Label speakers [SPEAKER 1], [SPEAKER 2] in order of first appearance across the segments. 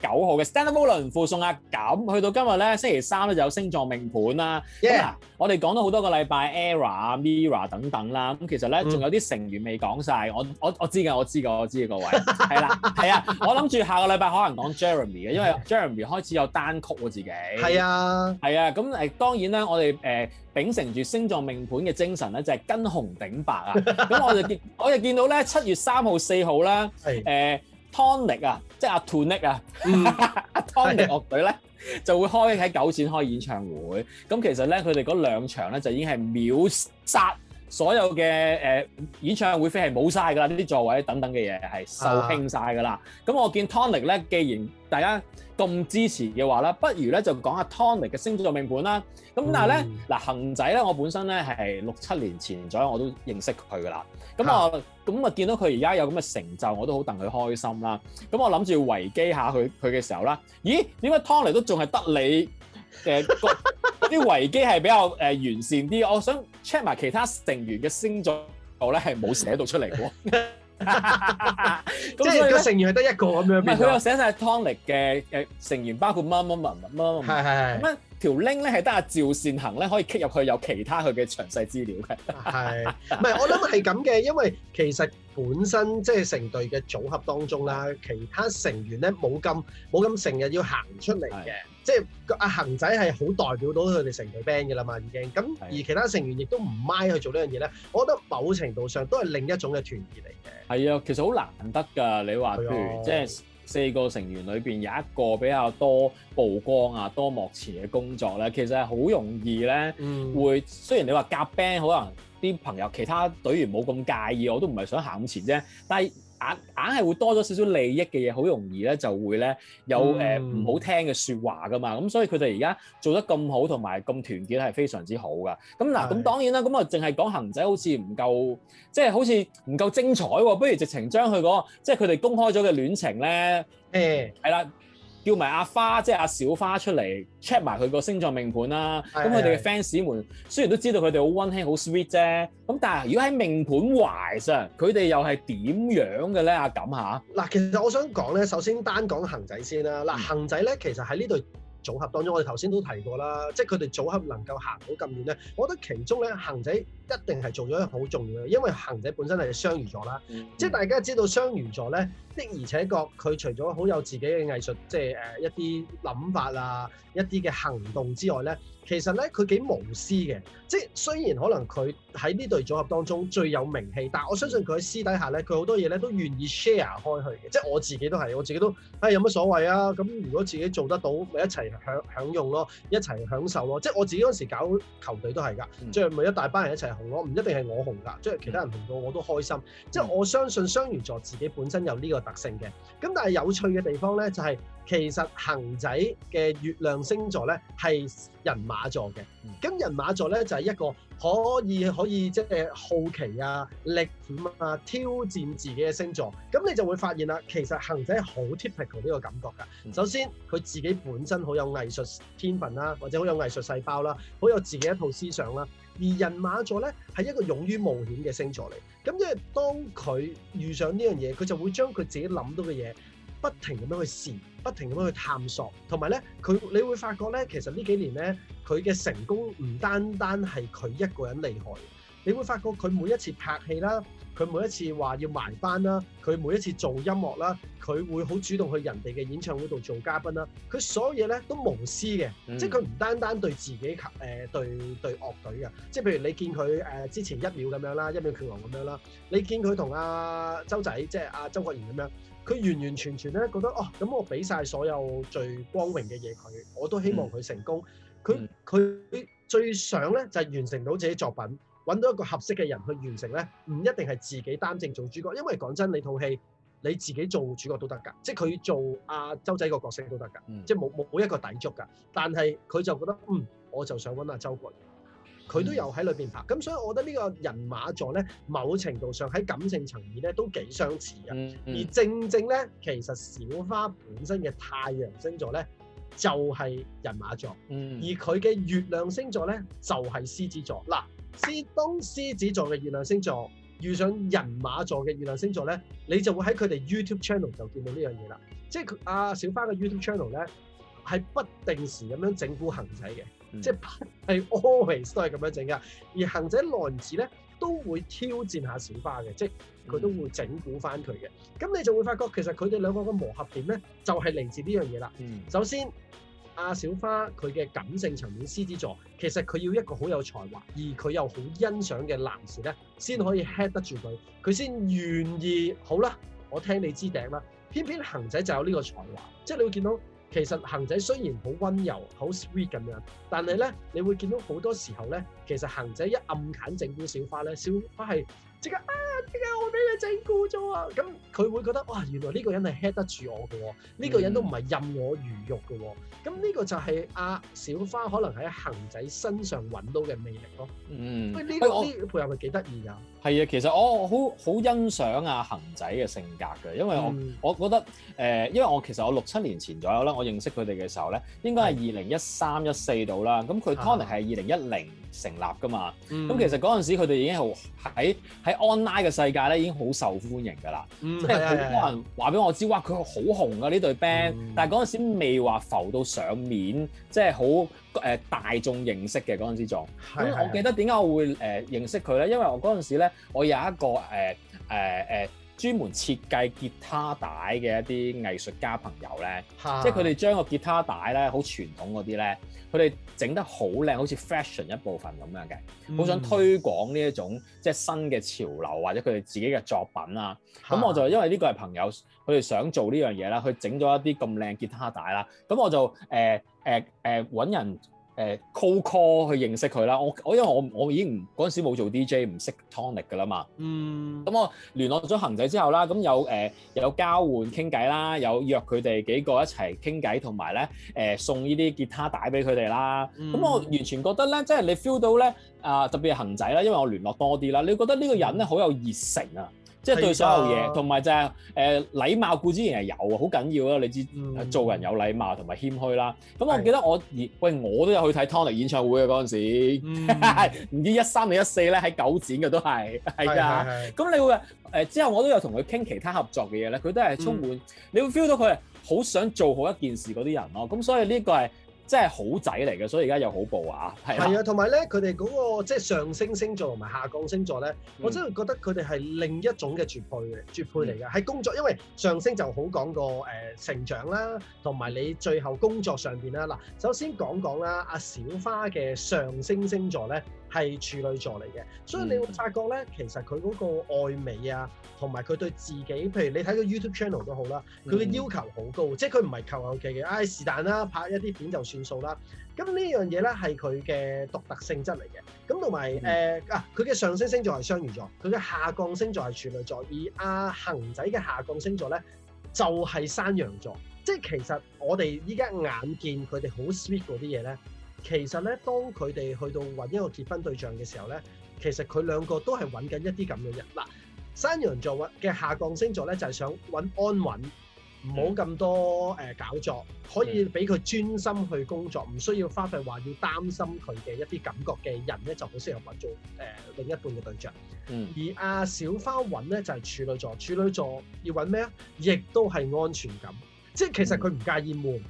[SPEAKER 1] 九號嘅 Standard Volume 附送啊咁，去到今日咧，星期三咧就有星座命盤啦 Yeah.、嗯。我哋講咗好多個禮拜，Era Mira 等等啦。咁其實咧，仲有啲成員未講晒。我我我知嘅，我知嘅，我知嘅，各位。係啦， 係啊。我諗住下個禮拜可能講 Jeremy 嘅，因為 Jeremy 開始有單曲我自己。係啊， 係啊。咁誒，當然咧，我哋誒、呃、秉承住星座命盤嘅精神咧，就係、是、跟紅頂白啊。咁我就見，我就見到咧，七月三號、四號啦，誒、呃。的 Tonick 啊，Tonick，即係阿 Tonick 啊，阿 Tonick 樂隊呢， 就會開喺九展開演唱會，咁其實呢，佢哋嗰兩場呢，就已經係秒殺。所有嘅誒演唱會飛係冇晒㗎啦，呢啲座位等等嘅嘢係售罄晒㗎啦。咁、啊、我見 Tonick 咧，既然大家咁支持嘅話啦，不如咧就講下 Tonick 嘅星座命盤啦。咁但係咧嗱，恆、嗯、仔咧，我本身咧係六七年前左右我都認識佢㗎啦。咁啊，咁啊，見到佢而家有咁嘅成就，我都好戥佢開心啦。咁我諗住維基下佢佢嘅時候啦。咦？點解 Tonick 都仲係得你嘅？呃 啲維基係比較誒、呃、完善啲，我想 check 埋其他成員嘅星座號咧係冇寫到出嚟喎， 即係個成
[SPEAKER 2] 員係得一個咁樣，佢有
[SPEAKER 1] 寫晒 Tonick 嘅誒成員，包括乜乜乜乜乜乜。係係係。條 link 咧係得阿趙善恆咧可以 click 入去，有其他佢嘅詳細資料嘅。係，唔係我諗
[SPEAKER 2] 係咁嘅，因為其實本身即係成隊嘅組合當中啦，其他成員咧冇咁冇咁成日要出是的 行出嚟嘅，即係阿恒仔係好代表到佢哋成隊 band 㗎啦嘛已經。咁而其他成員亦都唔 mind 去做呢樣嘢咧，我覺得某程度上都係另一種嘅團結嚟
[SPEAKER 1] 嘅。係啊，其實好難得㗎，你話譬如即係。是的 即係四個成員裏邊有一個比較多曝光啊、多幕前嘅工作咧，其實係好容易咧，會、嗯、雖然你話夾 band，可能啲朋友其他隊員冇咁介意，我都唔係想行咁前啫，但係。硬硬係會多咗少少利益嘅嘢，好容易咧就會咧有誒唔好聽嘅説話噶嘛，咁、嗯、所以佢哋而家做得咁好同埋咁團結係非常之好噶。咁嗱，咁當然啦，咁是我淨係講恆仔好似唔夠，即係好似唔夠精彩喎，不如直情將佢嗰個即係佢哋公開咗嘅戀情咧，誒係啦。叫埋阿花，即係阿小花出嚟 check 埋佢個星座命盤啦。咁佢哋嘅 fans 們雖然都知道佢哋好溫馨、好 sweet 啫，咁但係如果喺命盤 wise，佢哋又係點樣嘅咧？阿噉吓嗱，其實我想講咧，首
[SPEAKER 2] 先單講恆仔先啦。嗱，恆仔咧其實喺呢對組合當中，我哋頭先都提過啦，即係佢哋組合能夠行到咁遠咧，我覺得其中咧恆仔。一定係做咗一個好重要嘅，因為恆仔本身係雙魚座啦，嗯、即係大家知道雙魚座咧的，而且確咧，的而且確佢除咗好有自己嘅藝術，即係誒一啲諗法啊，一啲嘅行動之外咧，其實咧佢幾無私嘅，即係雖然可能佢喺呢隊組合當中最有名氣，但係我相信佢喺私底下咧，佢好多嘢咧都願意 share 開去嘅，即係我自己都係，我自己都係有乜所謂啊？咁如果自己做得到，咪一齊享享用咯，一齊享受咯，即係我自己嗰陣時搞球隊都係㗎，即係咪一大班人一齊。我唔一定係我紅㗎，即係其他人紅到我都開心。嗯，即係我相信雙魚座自己本身有呢個特性嘅。咁但係有趣嘅地方咧，就係，就係。其實恒仔嘅月亮星座咧係人馬座嘅，咁人馬座咧就係、是、一個可以可以即係好奇啊、歷險啊、挑戰自己嘅星座。咁你就會發現啦，其實恒仔好 typical 呢個感覺噶。首先佢自己本身好有藝術天分啦、啊，或者好有藝術細胞啦、啊，好有自己一套思想啦、啊。而人馬座咧係一個勇於冒險嘅星座嚟。咁因為當佢遇上呢樣嘢，佢就會將佢自己諗到嘅嘢。不停咁樣去試，不停咁樣去探索，同埋呢，佢你會發覺呢，其實呢幾年呢，佢嘅成功唔單單係佢一個人厲害，你會發覺佢每一次拍戲啦。佢每一次話要埋班啦，佢每一次做音樂啦，佢會好主動去人哋嘅演唱會度做嘉賓啦。佢所有嘢咧都無私嘅，嗯、即係佢唔單單對自己及誒、呃、對對樂隊嘅。即係譬如你見佢誒之前一秒咁樣啦，一秒拳王咁樣啦，你見佢同阿周仔，即係阿、啊、周國賢咁樣，佢完完全全咧覺得哦，咁我俾晒所有最光榮嘅嘢佢，我都希望佢成功。佢佢、嗯、最想咧就係、是、完成到自己作品。揾到一個合適嘅人去完成呢，唔一定係自己擔正做主角，因為講真，你套戲你自己做主角都得㗎，即係佢做阿、啊、周仔個角色都得㗎，嗯、即係冇冇一個抵觸㗎。但係佢就覺得，嗯，我就想揾阿周國，佢都有喺裏邊拍。咁、嗯、所以，我覺得呢個人馬座呢，某程度上喺感性層面呢都幾相似嘅。嗯嗯、而正正呢，其實小花本身嘅太陽星座呢，就係、是、人馬座，嗯、而佢嘅月亮星座呢，就係獅子座嗱。獅當獅子座嘅月亮星座遇上人馬座嘅月亮星座咧，你就會喺佢哋 YouTube channel 就見到呢樣嘢啦。即係阿小花嘅 YouTube channel 咧，係不定時咁樣整蠱恆仔嘅，嗯、即係係 always 都係咁樣整㗎。而恆仔男子咧都會挑戰下小花嘅，即係佢都會整蠱返佢嘅。咁、嗯、你就會發覺其實佢哋兩個嘅磨合點咧，就係嚟自呢樣嘢啦。首先。阿小花佢嘅感性層面獅子座，其實佢要一個好有才華，而佢又好欣賞嘅男士咧，先可以 head 得住佢，佢先願意。好啦，我聽你知頂啦。偏偏恒仔就有呢個才華，即係你會見到，其實恒仔雖然好溫柔、好 sweet 咁樣，但係咧，你會見到好多時候咧，其實恒仔一暗近整蠱小花咧，小花係。即刻啊，即刻我俾佢整蠱咗啊？咁佢會覺得哇、啊，原來呢個人係吃得住我嘅喎，呢、這個人呢個人都唔係任我魚肉嘅喎。咁呢個就係阿小花可能喺恆仔身上揾到嘅魅力咯。嗯，
[SPEAKER 1] 呢、啊呢個啲、呢
[SPEAKER 2] 個、配合係幾得意㗎。
[SPEAKER 1] 係啊，其實我好好欣賞啊恒仔嘅性格嘅，因為我、嗯、我覺得誒、呃，因為我其實我六七年前左右啦，我認識佢哋嘅時候咧，應該係二零一三一四度啦。咁佢 Tonick 係二零一零成立噶嘛。咁是的 其實嗰陣時佢哋已經好喺喺 online 嘅世界咧已經好受歡迎㗎啦，即係好多人話俾我知，哇！佢好紅㗎呢對 band，但係嗰陣時未話浮到上面，即係好。誒大眾認識嘅嗰陣時，仲係是的 我記得點解我會誒、呃、認識佢咧？因為我嗰陣時咧，我有一個誒誒誒專門設計吉他帶嘅一啲藝術家朋友咧，即係佢哋將個吉他帶咧好傳統嗰啲咧，佢哋整得好靚，好似 fashion 一部分咁樣嘅，好想推廣呢一種即係新嘅潮流或者佢哋自己嘅作品啊。咁我就是的 因為呢個係朋友，佢哋想做呢樣嘢啦，佢整咗一啲咁靚吉他帶啦，咁我就誒。呃誒誒揾人誒 call call 去認識佢啦，我我因為我我已經嗰陣時冇做 DJ 唔識 Tonick 噶啦嘛，咁、嗯、我聯絡咗恒仔之後啦，咁有誒、呃、有交換傾偈啦，有約佢哋幾個一齊傾偈，同埋咧誒送呢啲吉他帶俾佢哋啦，咁、嗯、我完全覺得咧，即係你 feel 到咧啊、呃、特別係恒仔啦，因為我聯絡多啲啦，你覺得呢個人咧好有熱誠啊！即係對所的有嘢、就是，同埋就係誒禮貌固然係有啊，好緊要咯。你知做人有禮貌同埋謙虛啦。咁我記得我演的喂，我都有去睇 Tonick 演唱會啊。嗰陣時，唔、嗯、 知一三定一四咧喺九展嘅都係係啊。咁的的你會誒、呃、之後我都有同佢傾其他合作嘅嘢咧，佢都係充滿、嗯、你會 feel 到佢係好想做好一件事嗰啲人咯。咁所以呢個係。即係好仔嚟嘅，所以而家又好報啊！係啊，
[SPEAKER 2] 同埋咧，佢哋嗰個即係上升星座同埋下降星座咧，嗯、我真係覺得佢哋係另一種嘅絕配嘅絕配嚟嘅。喺、嗯、工作，因為上升就好講個誒、呃、成長啦，同埋你最後工作上邊啦。嗱，首先講講啦，阿、啊、小花嘅上升星座咧係處女座嚟嘅，所以你會發覺咧，其實佢嗰個愛美啊，同埋佢對自己，譬如你睇佢 YouTube channel 都好啦，佢嘅要求好高，嗯、即係佢唔係求求其其，唉是但啦，拍一啲片就算。數啦，咁呢樣嘢咧係佢嘅獨特性質嚟嘅，咁同埋誒啊，佢嘅、嗯呃、上升星座係雙魚座，佢嘅下降星座係處女座，而阿恆仔嘅下降星座咧就係、係、山羊座，即係其實我哋依家眼見佢哋好 sweet 嗰啲嘢咧，其實咧當佢哋去到揾一個結婚對象嘅時候咧，其實佢兩個都係揾緊一啲咁嘅人。嗱，山羊座嘅下降星座咧就係、係、想揾安穩。唔好咁多誒、呃、搞作，可以俾佢專心去工作，唔、嗯、需要花費話要擔心佢嘅一啲感覺嘅人咧就好適合揾做誒、呃、另一半嘅對象。嗯，而阿小花揾咧就係、是、處女座，處女座要揾咩啊？亦都係安全感，即係其實佢唔介意悶，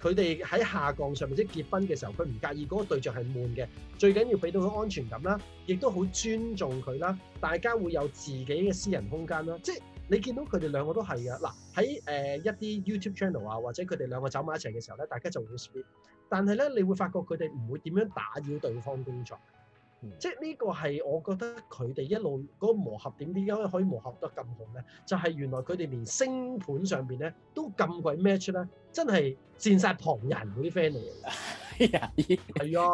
[SPEAKER 2] 佢哋喺下降上面即係結婚嘅時候，佢唔介意嗰、那個對象係悶嘅，最緊要俾到佢安全感啦，亦都好尊重佢啦，大家會有自己嘅私人空間啦，即係。你見到佢哋兩個都係嘅，嗱喺誒一啲 YouTube channel 啊，或者佢哋兩個走埋一齊嘅時候咧，大家就會 sweet，但係咧，你會發覺佢哋唔會點樣打擾對方工作，嗯、即係呢個係我覺得佢哋一路嗰、那個、磨合點點解可以磨合得咁好咧？就係、是、原來佢哋連星盤上邊咧都咁鬼 match 咧，真係羨煞旁人嗰啲 friend 嚟嘅。
[SPEAKER 1] 係啊，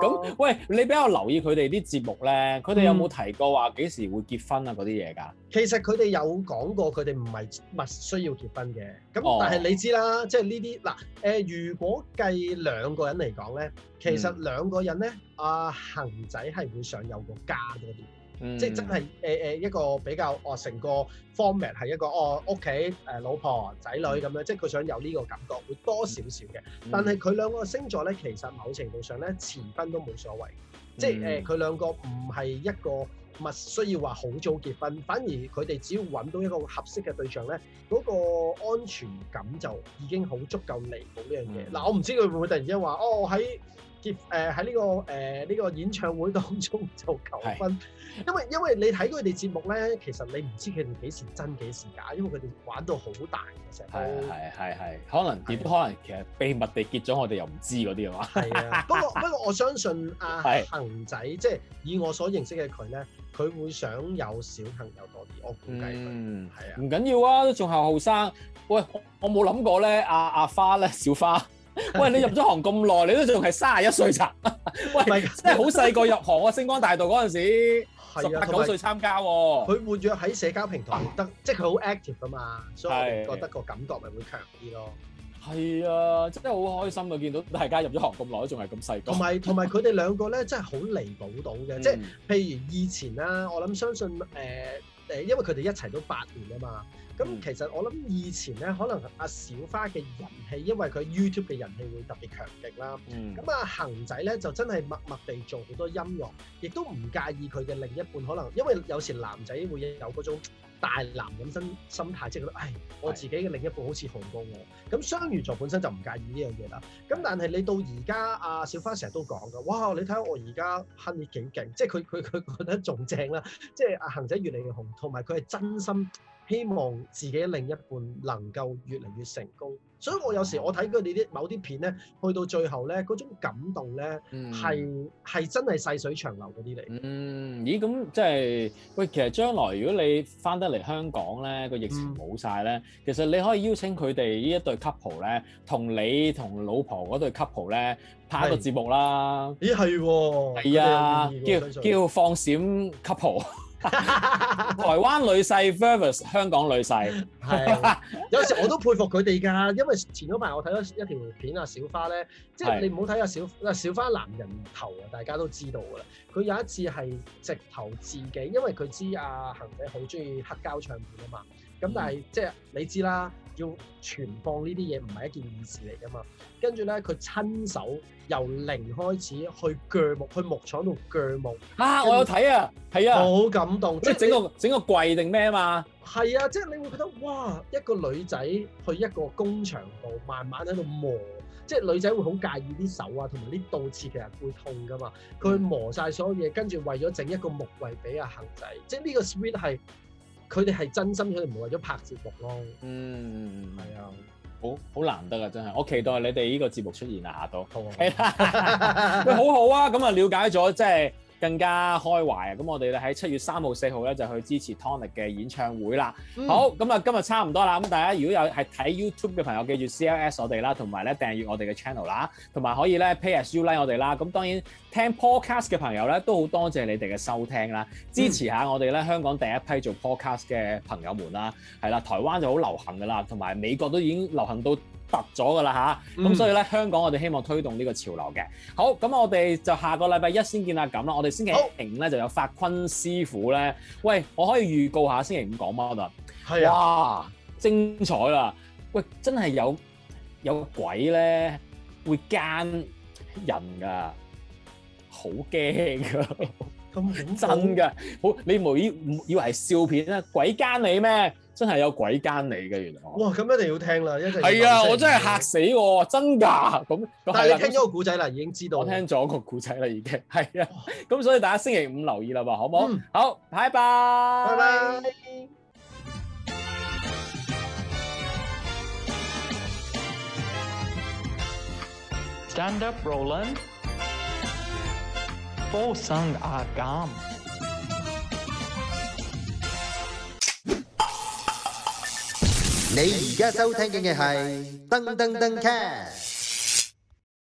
[SPEAKER 1] 咁、 嗯、喂，你比較留意佢哋啲節目咧，佢哋有冇提過話幾時會結婚啊嗰啲嘢㗎？嗯、
[SPEAKER 2] 其實佢哋有講過，佢哋唔係必需要結婚嘅。咁但係你知啦，哦、即係呢啲嗱誒，如果計兩個人嚟講咧，其實兩個人咧、嗯、啊，恆仔係會想有個家嗰啲。嗯、即係真係誒誒一個比較個個哦，成個 format 係一個哦屋企誒老婆仔女咁樣，即係佢想有呢個感覺，會多少少嘅。但係佢兩個星座咧，其實某程度上咧，遲婚都冇所謂。即係誒，佢、呃嗯、兩個唔係一個物需要話好早結婚，反而佢哋只要揾到一個合適嘅對象咧，嗰、那個安全感就已經好足夠彌補呢樣嘢。嗱、嗯，嗯、我唔知佢會唔會突然之間話哦喺，結喺呢個誒呢個演唱會當中就求婚、啊，因為因為你睇佢哋節目咧，其實你唔知佢哋幾時真幾時假，因為佢哋玩到好大嘅成。係係
[SPEAKER 1] 係係，可能亦都可能其實秘密地結咗，我哋又唔知嗰啲啊嘛。係 啊，
[SPEAKER 2] 不過不過我相信阿恆、啊啊、仔，即係以我所認識嘅佢咧，佢會想有小朋友多
[SPEAKER 1] 啲，我估計佢、嗯啊、係啊。唔緊要啊，仲係後生。喂，我冇諗過咧、啊，阿、啊、阿、啊、花咧，小花。啊喂，你入咗行咁耐，你都仲係三十一歲咋？ 喂，唔係，真係好細個入行喎，《 星光大道》嗰陣時，十九歲參
[SPEAKER 2] 加喎。佢活躍喺
[SPEAKER 1] 社交平台，得、啊、即係佢好 active 㗎嘛，所以我覺得個感覺咪會強啲咯。係啊，真係好開心啊！見到大家入咗行咁耐，仲係咁細個。同埋
[SPEAKER 2] 同埋佢哋兩個咧，真係好彌補到嘅，嗯、即係譬如以前啦、啊，我諗相信誒誒、呃，因為佢哋一齊都八年啊嘛。咁、嗯、其實我諗以前咧，可能阿小花嘅人氣，因為佢 YouTube 嘅人氣會特別強勁啦。咁啊、嗯，恒、嗯、仔咧就真係默默地做好多音樂，亦都唔介意佢嘅另一半。可能因為有時男仔會有嗰種大男人心態，即、就、係、是、覺得唉，我自己嘅另一半好似紅過我。咁是雙魚座本身就唔介意呢樣嘢啦。咁但係你到而家，阿、啊、小花成日都講㗎，哇！你睇下我而家 honey 幾勁，即係佢佢佢覺得仲正啦。即係阿恒仔越嚟越紅，同埋佢係真心，希望自己另一半能夠越嚟越成功，所以我有時我睇佢哋啲某啲片咧，去到最後咧，嗰種感動咧，係係、嗯、真係細水長流嗰啲嚟。
[SPEAKER 1] 嗯，咦？咁即係喂，其實將來如果你翻得嚟香港咧，個疫情冇晒咧，嗯、其實你可以邀請佢哋呢一對 couple 咧，同你同老婆嗰對 couple 咧，拍一個節目啦。咦？係
[SPEAKER 2] 喎、哦，係啊，叫叫
[SPEAKER 1] 放閃 couple。 台灣女婿 versus versus，香港女婿，係、 啊、
[SPEAKER 2] 有時我都佩服佢哋㗎，因為前嗰排我睇咗一條片啊，小花咧，即、就、係、是、你唔好睇下小阿小花男人頭啊，大家都知道㗎啦。佢有一次係直頭自己，因為佢知阿恆仔好中意黑膠唱片啊嘛。咁但係、嗯、即係你知啦。要存放呢啲嘢唔係一件易事嚟噶嘛，跟住咧佢親手由零開始去鋸木，去木廠度鋸木啊！著我有睇啊，係啊，好感動，
[SPEAKER 1] 即係是整個你整個櫃
[SPEAKER 2] 定咩啊嘛？係啊，即係你會覺得哇，一個女仔去一個工場度，慢慢喺度磨，即係女仔會好介意啲手啊，同埋啲倒刺其實會痛噶嘛。佢、嗯、去磨晒所有嘢，跟住為咗整一個木櫃俾阿恆仔，即係呢個 sweet 係。佢哋係真心，佢哋唔係為咗拍節目咯。嗯，
[SPEAKER 1] 係啊，好好難得啊，真係，我期待你哋依個節目出現啊，阿哥。好啊。喂，好好啊，咁啊，瞭解咗即係。更加開懷啊！咁我哋咧喺七月三號、四號咧就去支持 Tonick 嘅演唱會啦。嗯、好，咁啊今日差唔多啦。咁大家如果有係睇 YouTube 嘅朋友，記住 CLS 我哋啦，同埋咧訂閱我哋嘅 channel 啦，同埋可以咧 pay us a like 我哋啦。咁當然聽 podcast 嘅朋友咧都好多謝你哋嘅收聽啦，支持下我哋咧香港第一批做 podcast 嘅朋友們啦。係啦、嗯，台灣就好流行㗎啦，同埋美國都已經流行到突咗噶啦吓，咁、啊、所以咧香港我哋希望推動呢個潮流嘅。好，咁我哋就下個禮拜一先見下咁啦。我哋星期五咧就有法坤師傅咧，喂，我可以預告下星期五講乜啊？係啊，精彩啦！喂，真係有有鬼咧，會奸人噶，好驚㗎，真㗎。好，你無意以為係笑片啦，鬼奸你咩？真係有鬼奸你嘅原來，
[SPEAKER 2] 哇！咁一定要聽啦，一定係啊！我真係
[SPEAKER 1] 嚇死我，真㗎！咁但係你聽咗個故仔啦，已經知道我聽咗個故仔啦，已經係啊！咁哇所以大家星期五留意啦，好唔好？嗯、好，拜拜。拜拜 Stand up, Roland. For some a r gone. 你而家收聽嘅係《噔
[SPEAKER 2] 噔噔 cast》。